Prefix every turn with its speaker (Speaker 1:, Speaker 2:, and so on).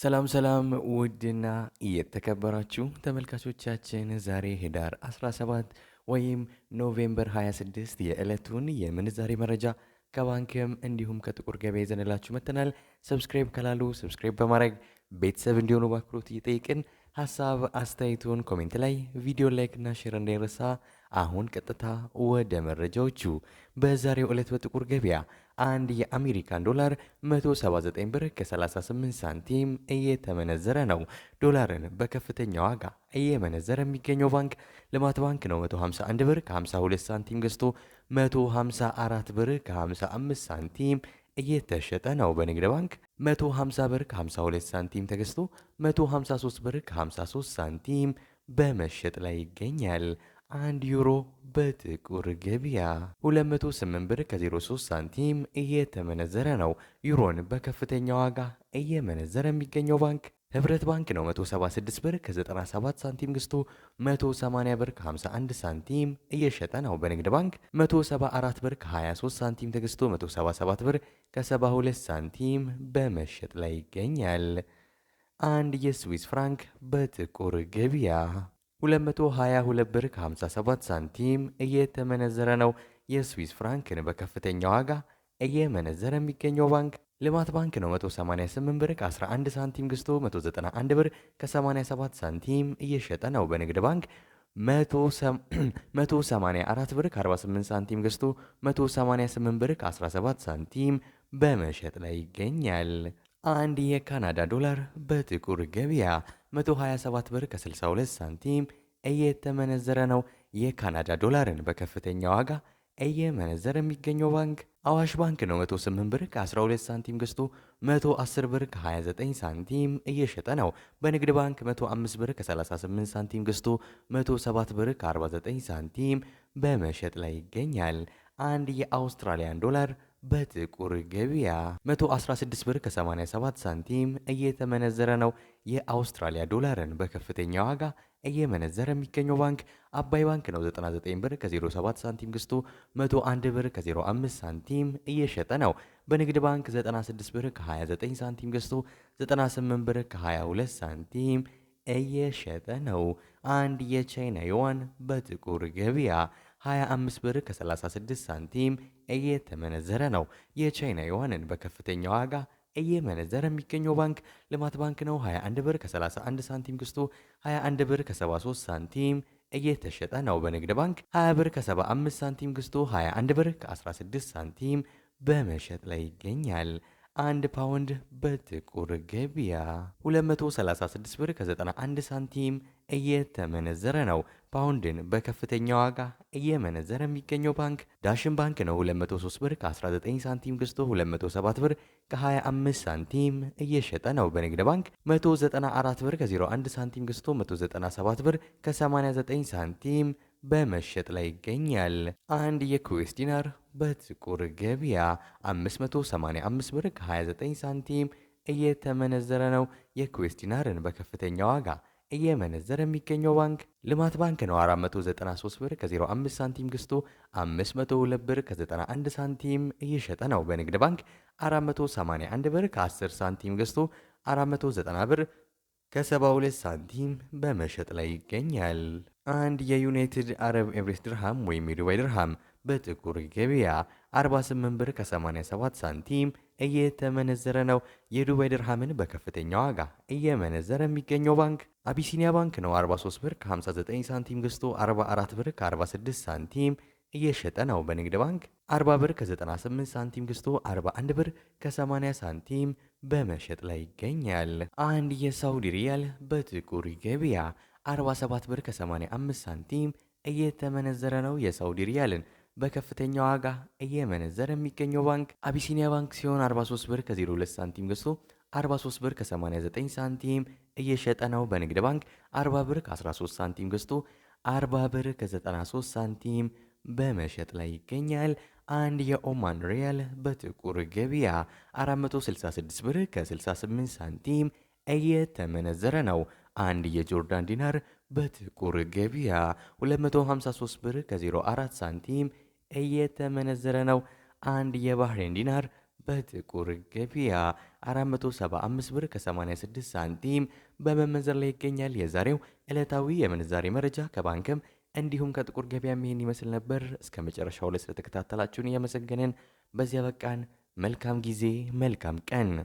Speaker 1: ሰላም ሰላም ውድና የተከበራችሁ ተመልካቾቻችን ዛሬ ህዳር 17 ወይም ኖቬምበር 26 የዕለቱን የምንዛሬ መረጃ ከባንክም እንዲሁም ከጥቁር ገበያ ይዘንላችሁ መጥተናል። ሰብስክራይብ ካላሉ ሰብስክራይብ በማድረግ ቤተሰብ እንዲሆኑ በአክብሮት እየጠየቅን ሀሳብ አስተያየቱን ኮሜንት ላይ ቪዲዮ ላይክና ሼር እንዳይረሳ። አሁን ቀጥታ ወደ መረጃዎቹ። በዛሬው ዕለት በጥቁር ገበያ አንድ የአሜሪካን ዶላር 179 ብር ከ38 ሳንቲም እየተመነዘረ ነው። ዶላርን በከፍተኛ ዋጋ እየመነዘረ የሚገኘው ባንክ ልማት ባንክ ነው። 151 ብር ከ52 ሳንቲም ገዝቶ 154 ብር ከ55 ሳንቲም እየተሸጠ ነው። በንግድ ባንክ 150 ብር ከ52 ሳንቲም ተገዝቶ 153 ብር ከ53 ሳንቲም በመሸጥ ላይ ይገኛል። አንድ ዩሮ በጥቁር ገበያ 208 ብር ከ03 ሳንቲም እየተመነዘረ ነው። ዩሮን በከፍተኛ ዋጋ እየመነዘረ የሚገኘው ባንክ ህብረት ባንክ ነው። 176 ብር ከ97 ሳንቲም ገዝቶ 180 ብር ከ51 ሳንቲም እየሸጠ ነው። በንግድ ባንክ 174 ብር ከ23 ሳንቲም ተገዝቶ 177 ብር ከ72 ሳንቲም በመሸጥ ላይ ይገኛል። አንድ የስዊስ ፍራንክ በጥቁር ገበያ 222 ብር 57 ሳንቲም እየተመነዘረ ነው። የስዊስ ፍራንክን በከፍተኛ ዋጋ እየመነዘረ የሚገኘው ባንክ ልማት ባንክ ነው። 188 ብር 11 ሳንቲም ገዝቶ 191 ብር ከ87 ሳንቲም እየሸጠ ነው። በንግድ ባንክ 184 ብር 48 ሳንቲም ገዝቶ 188 ብር 17 ሳንቲም በመሸጥ ላይ ይገኛል። አንድ የካናዳ ዶላር በጥቁር ገበያ 127 ብር ከ62 ሳንቲም እየተመነዘረ ነው። የካናዳ ዶላርን በከፍተኛ ዋጋ እየመነዘረ የሚገኘው ባንክ አዋሽ ባንክ ነው። 108 ብር ከ12 ሳንቲም ገዝቶ 110 ብር ከ29 ሳንቲም እየሸጠ ነው። በንግድ ባንክ 105 ብር ከ38 ሳንቲም ገዝቶ 107 ብር ከ49 ሳንቲም በመሸጥ ላይ ይገኛል። አንድ የአውስትራሊያን ዶላር በጥቁር ገበያ 116 ብር ከ87 ሳንቲም እየተመነዘረ ነው። የአውስትራሊያ ዶላርን በከፍተኛ ዋጋ እየመነዘረ የሚገኘው ባንክ አባይ ባንክ ነው። 99 ብር ከ07 ሳንቲም ገዝቶ 101 ብር ከ05 ሳንቲም እየሸጠ ነው። በንግድ ባንክ 96 ብር ከ29 ሳንቲም ገዝቶ 98 ብር ከ22 ሳንቲም እየሸጠ ነው። አንድ የቻይና ዩዋን በጥቁር ገበያ 25 ብር ከ36 ሳንቲም እየተመነዘረ ነው። የቻይና ዩዋንን በከፍተኛ ዋጋ እየመነዘረ የሚገኘው ባንክ ልማት ባንክ ነው። 21 ብር ከ31 ሳንቲም ገዝቶ 21 ብር ከ73 ሳንቲም እየተሸጠ ነው። በንግድ ባንክ 20 ብር ከ75 ሳንቲም ገዝቶ 21 ብር ከ16 ሳንቲም በመሸጥ ላይ ይገኛል። አንድ ፓውንድ በጥቁር ገበያ 236 ብር ከ91 ሳንቲም እየተመነዘረ ነው። ፓውንድን በከፍተኛ ዋጋ እየመነዘረ የሚገኘው ባንክ ዳሽን ባንክ ነው። 203 ብር ከ19 ሳንቲም ገዝቶ 207 ብር ከ25 ሳንቲም እየሸጠ ነው። በንግድ ባንክ 194 ብር ከ01 ሳንቲም ገዝቶ 197 ብር ከ89 ሳንቲም በመሸጥ ላይ ይገኛል። አንድ የኩዌስ ዲናር በጥቁር ገበያ 585 ብር ከ29 ሳንቲም እየተመነዘረ ነው። የኩዌስ ዲናርን በከፍተኛ ዋጋ እየመነዘረ የሚገኘው ባንክ ልማት ባንክ ነው። 493 ብር ከ05 ሳንቲም ገዝቶ 502 ብር ከ91 ሳንቲም እየሸጠ ነው። በንግድ ባንክ 481 ብር ከ10 ሳንቲም ገዝቶ 490 ብር ከ72 ሳንቲም በመሸጥ ላይ ይገኛል። አንድ የዩናይትድ አረብ ኤምሬት ድርሃም ወይም የዱባይ ድርሃም በጥቁር ገበያ 48 ብር ከ87 ሳንቲም እየተመነዘረ ነው። የዱባይ ድርሃምን በከፍተኛ ዋጋ እየመነዘረ የሚገኘው ባንክ አቢሲኒያ ባንክ ነው። 43 ብር ከ59 ሳንቲም ገዝቶ 44 ብር ከ46 ሳንቲም እየሸጠ ነው። በንግድ ባንክ 40 ብር ከ98 ሳንቲም ገዝቶ 41 ብር ከ80 ሳንቲም በመሸጥ ላይ ይገኛል። አንድ የሳውዲ ሪያል በጥቁር ገበያ 47 ብር ከ85 ሳንቲም እየተመነዘረ ነው። የሳውዲ ሪያልን በከፍተኛ ዋጋ እየመነዘረ የሚገኘው ባንክ አቢሲኒያ ባንክ ሲሆን 43 ብር ከ02 ሳንቲም ገዝቶ 43 ብር ከ89 ሳንቲም እየሸጠ ነው። በንግድ ባንክ 40 ብር ከ13 ሳንቲም ገዝቶ 40 ብር ከ93 ሳንቲም በመሸጥ ላይ ይገኛል። አንድ የኦማን ሪያል በጥቁር ገበያ 466 ብር ከ68 ሳንቲም እየተመነዘረ ነው። አንድ የጆርዳን ዲናር በጥቁር ገበያ 253 ብር ከ04 ሳንቲም እየተመነዘረ ነው። አንድ የባህሬን ዲናር በጥቁር ገበያ 475 ብር ከ86 ሳንቲም በመመንዘር ላይ ይገኛል። የዛሬው ዕለታዊ የምንዛሬ መረጃ ከባንክም እንዲሁም ከጥቁር ገበያ ይህን ይመስል ነበር። እስከ መጨረሻው ላይ ስለተከታተላችሁን እያመሰገንን በዚያ በቃን። መልካም ጊዜ፣ መልካም ቀን